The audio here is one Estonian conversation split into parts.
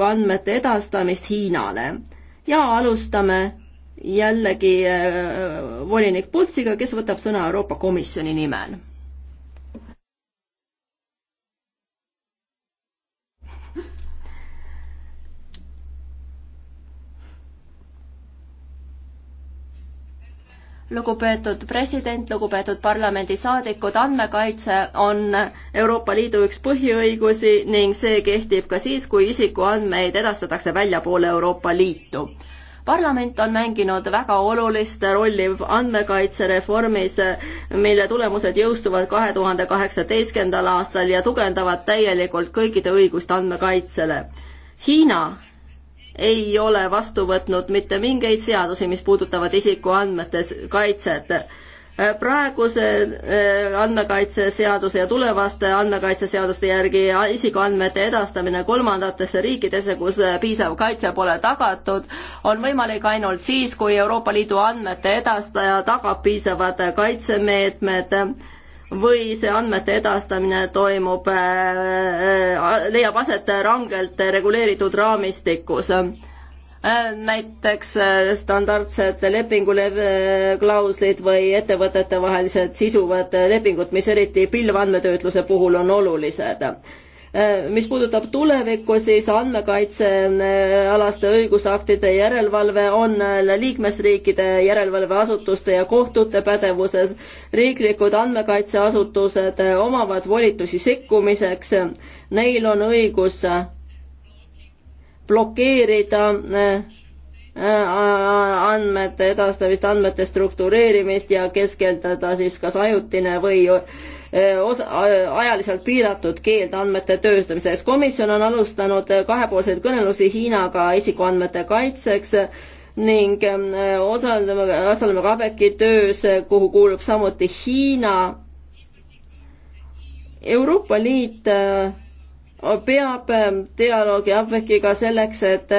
isikuandmete edastamist Hiinale. ja alustame jällegi äh, volinik Pultsiga, kes võtab sõna Euroopa Komisjoni nimel lugupeetud president, lugupeetud parlamendisaadikud, andmekaitse on Euroopa Liidu üks põhiõigusi ning see kehtib ka siis, kui isikuandmeid edastatakse väljapoole Euroopa Liitu. parlament on mänginud väga olulist rolli andmekaitsereformis, mille tulemused jõustuvad kahe tuhande kaheksateistkümnendal aastal ja tugevdavad täielikult kõikide õigust andmekaitsele. Hiina ei ole vastu võtnud mitte mingeid seadusi, mis puudutavad isikuandmete kaitset. praeguse eh, andmekaitseseaduse ja tulevaste andmekaitseseaduste järgi isikuandmete edastamine kolmandatesse riikidesse, kus eh, piisav kaitse pole tagatud, on võimalik ainult siis, kui Euroopa Liidu andmete edastaja tagab piisavad eh, kaitsemeetmed või see andmete edastamine toimub, äh, äh, leiab aset rangelt reguleeritud raamistikus. Äh, näiteks standardsed lepinguklauslid või ettevõtetevahelised sisuvad lepingud, mis eriti pilvandmetöötluse puhul on olulised Äh, mis puudutab tulevikku, siis andmekaitsealaste äh, õigusaktide järelevalve on äh, liikmesriikide järelevalveasutuste ja kohtute pädevuses. riiklikud andmekaitseasutused omavad volitusi sekkumiseks. Neil on õigus blokeerida Äh, andmete edastamist, andmete struktureerimist ja keskelduda siis kas ajutine või äh, osa, äh, ajaliselt piiratud keeld andmete tööstamiseks. komisjon on alustanud kahepoolseid kõnelusi Hiinaga isikuandmete kaitseks ning osaleme, osaleme KABEK-i töös, kuhu kuulub samuti Hiina. Euroopa Liit peab ähm, dialoogi APEC-iga selleks, et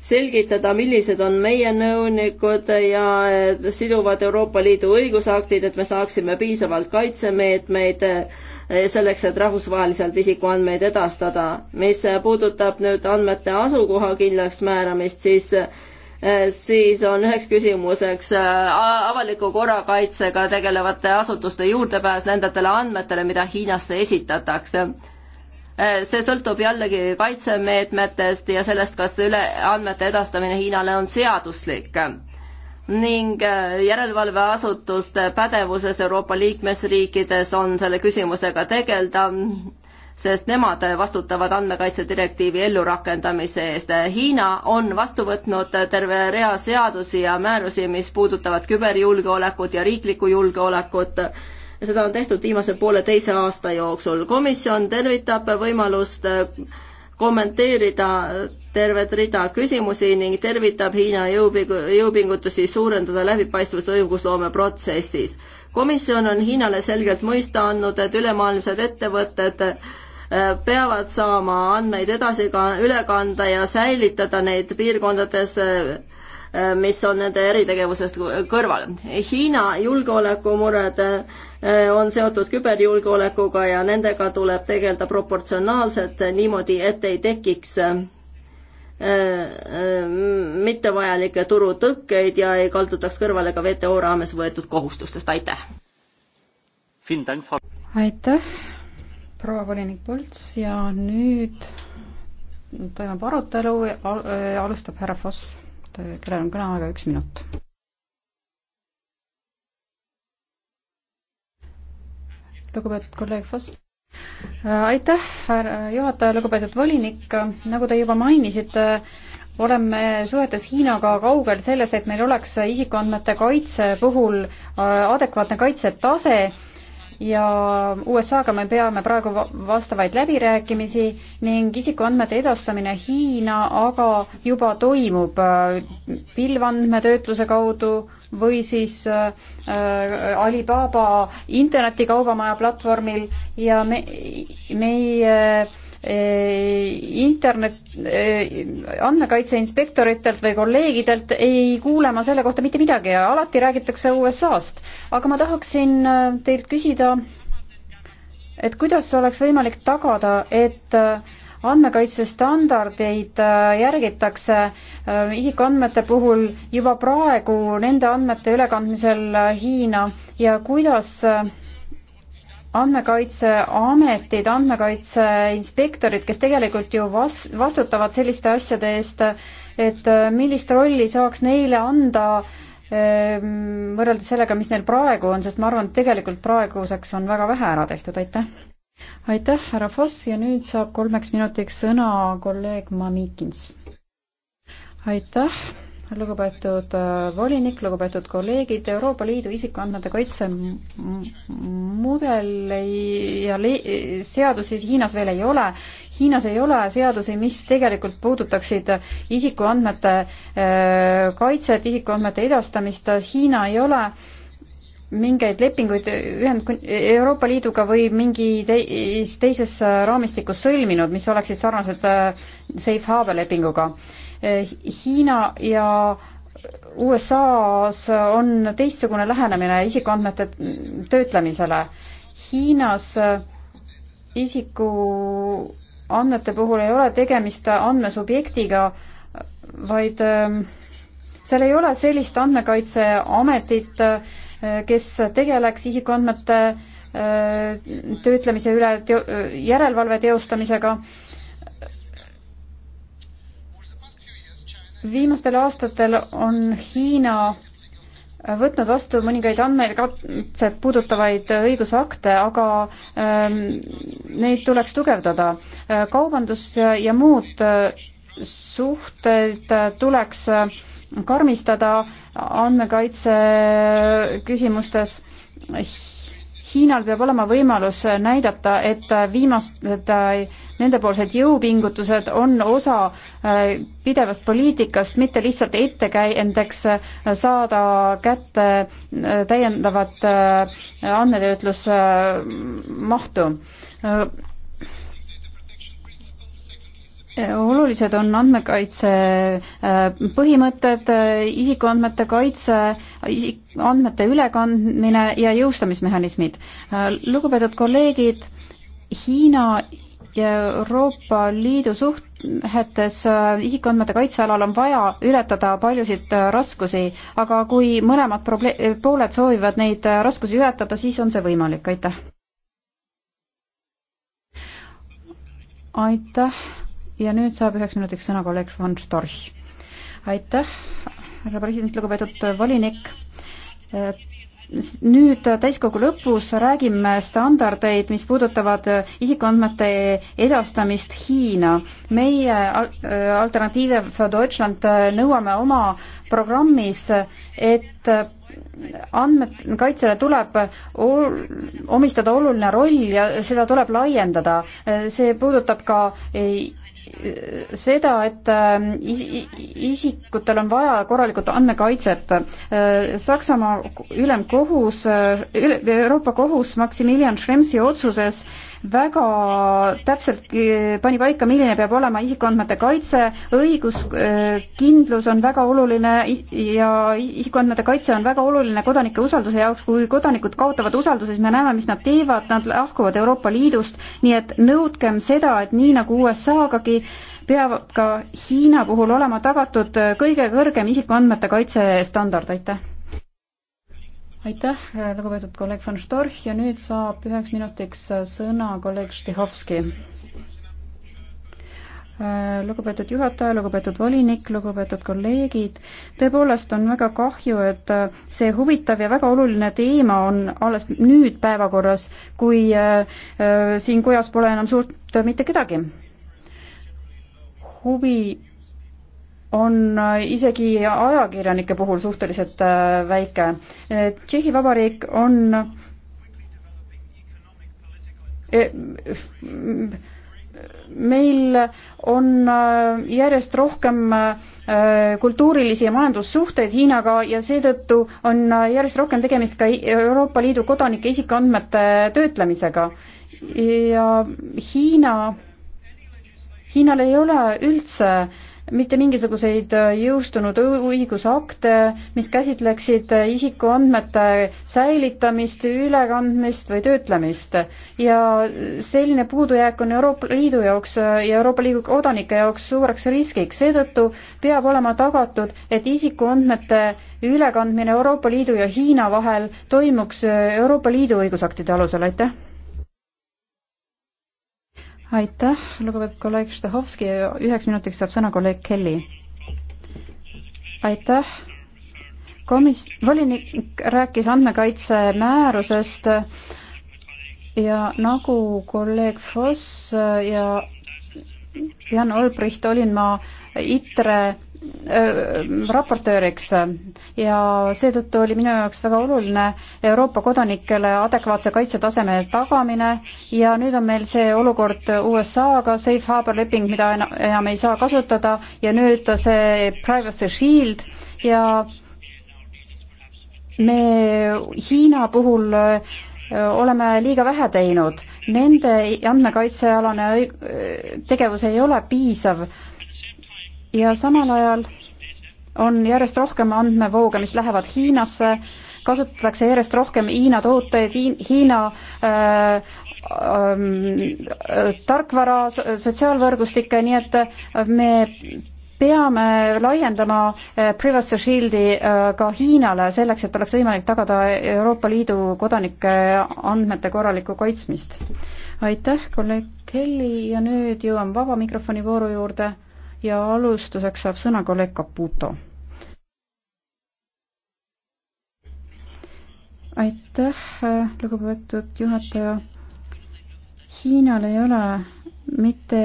selgitada, millised on meie nõunikud ja äh, siduvad Euroopa Liidu õigusaktid, et me saaksime piisavalt kaitsemeetmeid äh, selleks, et rahvusvaheliselt isikuandmeid edastada. mis puudutab nüüd andmete asukoha kindlaksmääramist, siis äh, siis on üheks küsimuseks avaliku korrakaitsega tegelevate asutuste juurdepääs nendele andmetele, mida Hiinasse esitatakse Eh, see sõltub jällegi kaitsemeetmetest ja sellest, kas üle, andmete edastamine Hiinale on seaduslik ning eh, järelevalveasutuste pädevuses Euroopa liikmesriikides on selle küsimusega tegeleda, sest nemad vastutavad andmekaitse direktiivi ellurakendamise eest. Hiina on vastu võtnud terve rea seadusi ja määrusi, mis puudutavad küberjulgeolekut ja riiklikku julgeolekut seda on tehtud viimase pooleteise aasta jooksul. komisjon tervitab võimalust äh, kommenteerida äh, tervet rida küsimusi ning tervitab Hiina jõupingutusi suurendada läbipaistvust õigusloome protsessis. komisjon on Hiinale selgelt mõista andnud, et ülemaailmsed ettevõtted äh, peavad saama andmeid edasi ka üle kanda ja säilitada neid piirkondades Äh, mis on nende eritegevusest kõrval. Hiina julgeolekumured äh, on seotud küberjulgeolekuga ja nendega tuleb tegeleda proportsionaalselt niimoodi, et ei tekiks äh, mittevajalikke turutõkkeid ja ei kaldutaks kõrvale ka WTO raames võetud kohustustest, aitäh! aitäh, proua volinik Polts ja nüüd toimub arutelu, alustab härra Foss kellel on kõneaega üks minut. lugupeetud kolleeg Foss. Äh, aitäh, härra juhataja, lugupeetud volinik, nagu te juba mainisite, oleme suhetes Hiinaga kaugel sellest, et meil oleks isikuandmete kaitse puhul äh, adekvaatne kaitsetase ja USA-ga me peame praegu vastavaid läbirääkimisi ning isikuandmete edastamine Hiina aga juba toimub äh, pilvandmetöötluse kaudu või siis äh, äh Alibaba internetikaubamaja platvormil ja me, meie äh, internet, andmekaitse inspektoritelt või kolleegidelt ei kuule ma selle kohta mitte midagi ja alati räägitakse USA-st. aga ma tahaksin äh, teilt küsida, et kuidas oleks võimalik tagada, et äh, andmekaitsestandardeid äh, järgitakse isikuandmete puhul juba praegu nende andmete ülekandmisel Hiina ja kuidas andmekaitseametid, andmekaitseinspektorid, kes tegelikult ju vas-, vastutavad selliste asjade eest, et äh, millist rolli saaks neile anda ähm, võrreldes sellega, mis neil praegu on, sest ma arvan, et tegelikult praeguseks on väga vähe ära tehtud, aitäh! aitäh, härra Foss ja nüüd saab kolmeks minutiks sõna kolleeg Mamikins. aitäh! lugupeetud äh, volinik, lugupeetud kolleegid, Euroopa Liidu isikuandmete kaitse mudeli ja seadusi Hiinas veel ei ole. Hiinas ei ole seadusi, mis tegelikult puudutaksid isikuandmete äh, kaitset, isikuandmete edastamist, Hiina ei ole mingeid lepinguid ühend-, Euroopa Liiduga või mingi teis, teises raamistikus sõlminud, mis oleksid sarnased äh, Safe Harbor lepinguga Eh, Hiina ja USA-s on teistsugune lähenemine isikuandmete töötlemisele. Hiinas eh, isikuandmete puhul ei ole tegemist andmesubjektiga, vaid eh, seal ei ole sellist andmekaitseametit, kes tegeleks isikuandmete töötlemise üle teo-, järelevalve teostamisega viimastel aastatel on Hiina võtnud vastu mõningaid andmekatset puudutavaid õigusakte, aga ähm, neid tuleks tugevdada. Äh, kaubandus ja muud äh, suhted tuleks äh, karmistada andmekaitse küsimustes Hiinal peab olema võimalus näidata, et viimased nendepoolsed jõupingutused on osa äh, pidevast poliitikast, mitte lihtsalt ettekäendeks äh, saada kätte äh, täiendavat andmetöötlusmahtu olulised on andmekaitse äh, põhimõtted, äh, isikuandmete kaitse, isik, andmete ülekandmine ja jõustamismehhanismid. Äh, lugupeetud kolleegid, Hiina ja Euroopa Liidu suhetes isikuandmete kaitse alal on vaja ületada paljusid raskusi, aga kui mõlemad proble-, pooled soovivad neid raskusi ületada, siis on see võimalik, aitäh! aitäh! ja nüüd saab üheks minutiks sõna kolleeg von Storch. aitäh, härra president, lugupeetud volinik nüüd täiskogu lõpus räägime standardeid, mis puudutavad isikuandmete edastamist Hiina. meie Alternative for Deutschland nõuame oma programmis, et andmed, kaitsele tuleb ol, omistada oluline roll ja seda tuleb laiendada. see puudutab ka ei, seda, et ähm, is, isikutel on vaja korralikult andmekaitset. Äh, Saksamaa ülemkohus äh, üle,, Euroopa kohus Maximilian Schrems'i otsuses äh, väga täpselt eh, pani paika, milline peab olema isikuandmete kaitse, õiguskindlus eh, on väga oluline ja isikuandmete kaitse on väga oluline kodanike usalduse jaoks, kui kodanikud kaotavad usalduse, siis me näeme, mis nad teevad, nad lahkuvad Euroopa Liidust, nii et nõudkem seda, et nii nagu USA-gagi, peab ka Hiina puhul olema tagatud eh, kõige kõrgem isikuandmete kaitse standard, aitäh! aitäh, lugupeetud kolleeg von Storch ja nüüd saab üheks minutiks sõna kolleeg Štihovski. Lugupeetud juhataja, lugupeetud volinik, lugupeetud kolleegid, tõepoolest on väga kahju, et see huvitav ja väga oluline teema on alles nüüd päevakorras, kui äh, siin kojas pole enam suurt mitte kedagi. huvi on äh, isegi ajakirjanike puhul suhteliselt äh, väike. Tšehhi Vabariik on e, meil on äh, järjest rohkem kultuurilisi ja majandussuhteid Hiinaga ja seetõttu on järjest rohkem tegemist ka Euroopa Liidu kodanike isikuandmete töötlemisega. ja Hiina, Hiinal ei ole üldse äh, mitte mingisuguseid äh, jõustunud õigusakte, mis käsitleksid äh, isikuandmete säilitamist, ülekandmist või töötlemist. ja selline puudujääk on Euroopa Liidu jaoks äh, ja Euroopa Liidu kodanike jaoks suureks riskiks, seetõttu peab olema tagatud, et isikuandmete ülekandmine Euroopa Liidu ja Hiina vahel toimuks Euroopa Liidu õigusaktide alusel, aitäh! aitäh, lugupeetud kolleeg Štahovski, üheks minutiks saab sõna kolleeg Kelly. aitäh, komis-, volinik rääkis andmekaitse määrusest ja nagu kolleeg Foss ja Jan Olbricht olin ma ITRE Äh, raportööriks ja seetõttu oli minu jaoks väga oluline Euroopa kodanikele adekvaatse kaitsetaseme tagamine ja nüüd on meil see olukord USA-ga, safe harbor leping, mida enam ei saa kasutada ja nüüd see privacy shield ja me Hiina puhul äh, oleme liiga vähe teinud. Nende andmekaitsealane tegevus ei ole piisav ja samal ajal on järjest rohkem andmevooge, mis lähevad Hiinasse, kasutatakse järjest rohkem Hiina tooteid, Hiina äh, äh, tarkvara, sotsiaalvõrgustikke, nii et äh, me peame laiendama äh, Privacy Shieldi äh, ka Hiinale selleks, et oleks võimalik tagada Euroopa Liidu kodanike andmete korralikku kaitsmist. aitäh, kolleeg Kelly ja nüüd jõuame vaba mikrofoni vooru juurde ja alustuseks saab sõna kolleeg Caputo. aitäh, lugupeetud juhataja. Hiinal ei ole mitte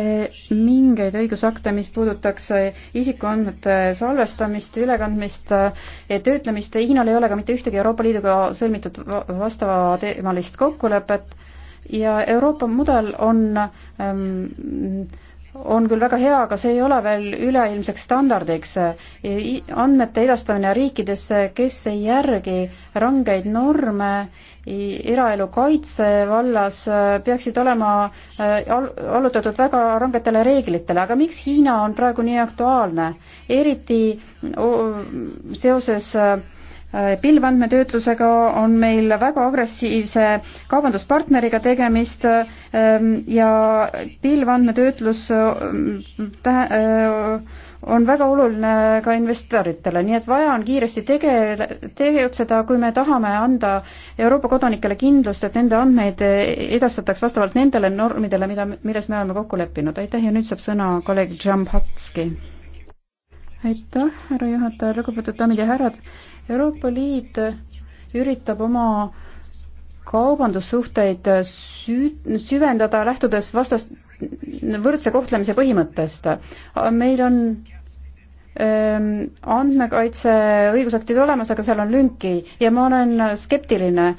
mingeid õigusakte, mis puudutaks isikuandmete salvestamist, ülekandmist ja töötlemist. Hiinal ei ole ka mitte ühtegi Euroopa Liiduga sõlmitud vastavateemalist kokkulepet ja Euroopa mudel on ähm, on küll väga hea, aga see ei ole veel üleilmseks standardiks. andmete edastamine riikidesse, kes ei järgi rangeid norme eraelu kaitse vallas, peaksid olema äh, allutatud väga rangetele reeglitele, aga miks Hiina on praegu nii aktuaalne? eriti seoses äh, Äh, pilvandmetöötlusega on meil väga agressiivse kaubanduspartneriga tegemist ähm, ja pilvandmetöötlus ähm, äh, on väga oluline ka investoritele, nii et vaja on kiiresti tege-, tegutseda, kui me tahame anda Euroopa kodanikele kindlust, et nende andmeid edastataks vastavalt nendele normidele, mida, milles me oleme kokku leppinud. aitäh ja nüüd saab sõna kolleeg Džambatski. aitäh, härra juhataja, lugupeetud daamid ja härrad Euroopa Liit üritab oma kaubandussuhteid süü-, süvendada, lähtudes vastast, võrdse kohtlemise põhimõttest. meil on ähm, andmekaitse õigusaktid olemas, aga seal on lünki ja ma olen skeptiline.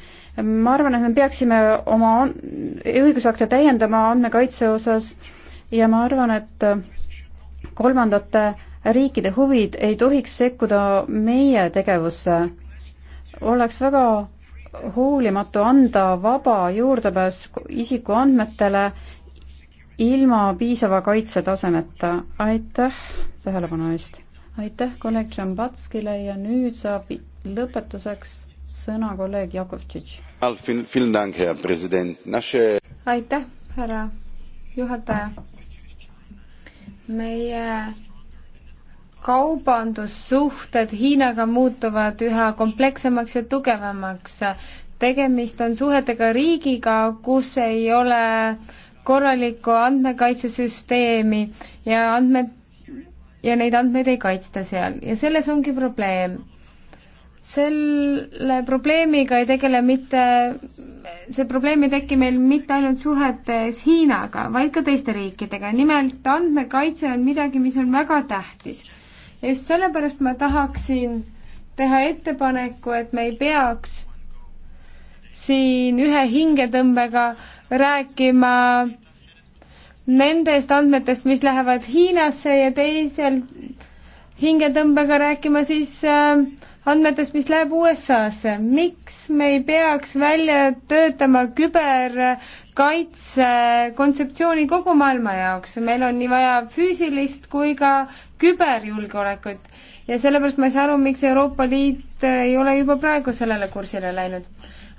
ma arvan, et me peaksime oma õigusakte täiendama andmekaitse osas ja ma arvan, et kolmandate riikide huvid ei tohiks sekkuda meie tegevusse. oleks väga hoolimatu anda vaba juurdepääs isikuandmetele ilma piisava kaitsetasemeta. aitäh tähelepanu eest! aitäh kolleeg Džambatskile ja nüüd saab lõpetuseks sõna kolleeg Jakovtšitš. aitäh, härra juhataja. meie kaubandussuhted Hiinaga muutuvad üha komplekssemaks ja tugevamaks. tegemist on suhetega riigiga, kus ei ole korralikku andmekaitsesüsteemi ja andmed ja neid andmeid ei kaitsta seal ja selles ongi probleem. selle probleemiga ei tegele mitte, see probleem ei teki meil mitte ainult suhetes Hiinaga, vaid ka teiste riikidega, nimelt andmekaitse on midagi, mis on väga tähtis just sellepärast ma tahaksin teha ettepaneku, et me ei peaks siin ühe hingetõmbega rääkima nendest andmetest, mis lähevad Hiinasse ja teisel hingetõmbega rääkima siis äh, andmetest, mis läheb USA-sse. miks me ei peaks välja töötama küberkaitse kontseptsiooni kogu maailma jaoks, meil on nii vaja füüsilist kui ka küberjulgeolekut ja sellepärast ma ei saa aru, miks Euroopa Liit äh, ei ole juba praegu sellele kursile läinud.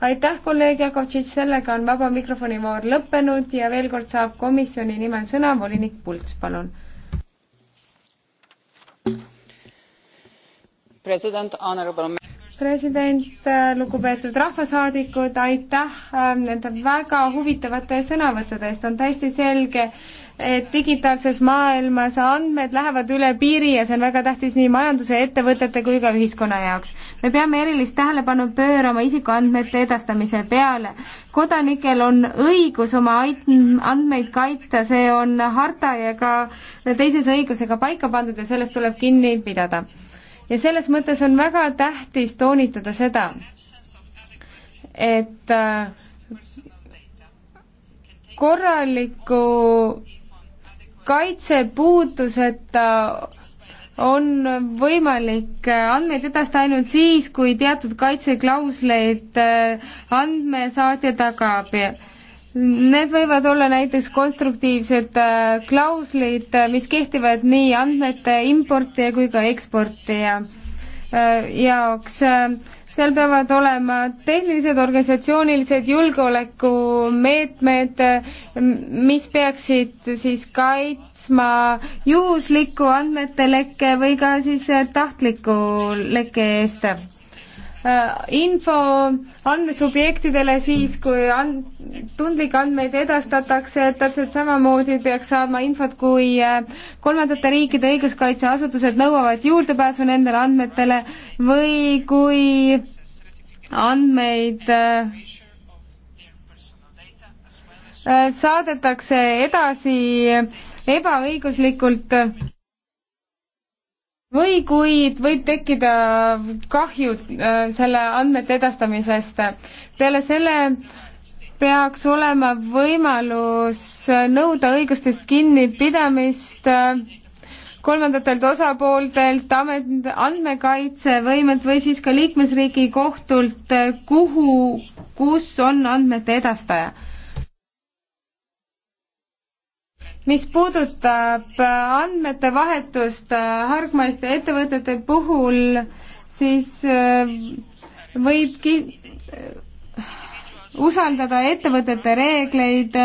aitäh, kolleeg Jakovtšitš, sellega on vaba mikrofoni voor lõppenud ja veel kord saab komisjoni nimel sõna volinik Pulks, palun. president, honorable president, lugupeetud rahvasaadikud, aitäh ähm, nende väga huvitavate sõnavõttude eest, on täiesti selge, et digitaalses maailmas andmed lähevad üle piiri ja see on väga tähtis nii majanduse, ettevõtete kui ka ühiskonna jaoks. me peame erilist tähelepanu pöörama isikuandmete edastamise peale. kodanikel on õigus oma andmeid kaitsta, see on harta ja ka teises õigusega paika pandud ja sellest tuleb kinni pidada ja selles mõttes on väga tähtis toonitada seda, et äh, korraliku kaitsepuuduseta on võimalik äh, andmeid edastada ainult siis, kui teatud kaitseklausleid äh, andmesaatja tagab Need võivad olla näiteks konstruktiivsed äh, klauslid, äh, mis kehtivad nii andmete importija kui ka eksportija äh, jaoks. seal peavad olema tehnilised, organisatsioonilised julgeolekumeetmed, mis peaksid siis kaitsma juhusliku andmete lekke või ka siis tahtliku lekke eest Äh, info andmesubjektidele siis, kui and-, tundlikke andmeid edastatakse, täpselt samamoodi peaks saama infot, kui äh, kolmandate riikide õiguskaitseasutused nõuavad juurdepääsu nendele andmetele või kui andmeid äh, saadetakse edasi ebaõiguslikult või kuid võib tekkida kahju äh, selle andmete edastamisest. peale selle peaks olema võimalus nõuda õigustest kinnipidamist äh, kolmandatelt osapooltelt, amet, andmekaitsevõimet või siis ka liikmesriigi kohtult, äh, kuhu, kus on andmete edastaja mis puudutab äh, andmete vahetust äh, hargmaiste ettevõtete puhul, siis äh, võib ki-, usaldada ettevõtete reegleid,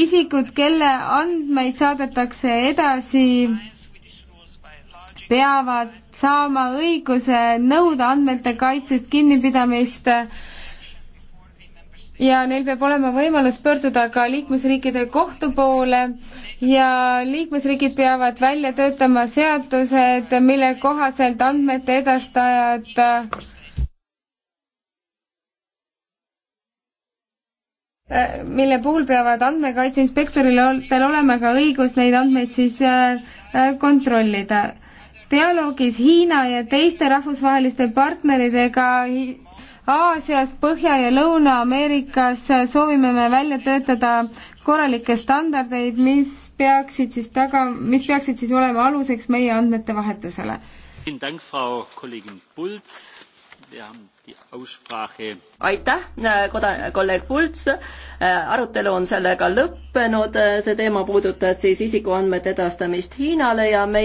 isikud, kelle andmeid saadetakse edasi, peavad saama õiguse nõuda andmete kaitsest kinnipidamist äh, ja neil peab olema võimalus pöörduda ka liikmesriikide kohtu poole ja liikmesriigid peavad välja töötama seadused, mille kohaselt andmete edastajad äh, mille puhul peavad andmekaitse inspektoritel olema ka õigus neid andmeid siis äh, äh, kontrollida. dialoogis Hiina ja teiste rahvusvaheliste partneridega Aasias, Põhja- ja Lõuna-Ameerikas soovime me välja töötada korralikke standardeid, mis peaksid siis taga, mis peaksid siis olema aluseks meie andmete vahetusele. aitäh, koda-, kolleeg Pults, arutelu on sellega lõppenud, see teema puudutas siis isikuandmete edastamist Hiinale ja meie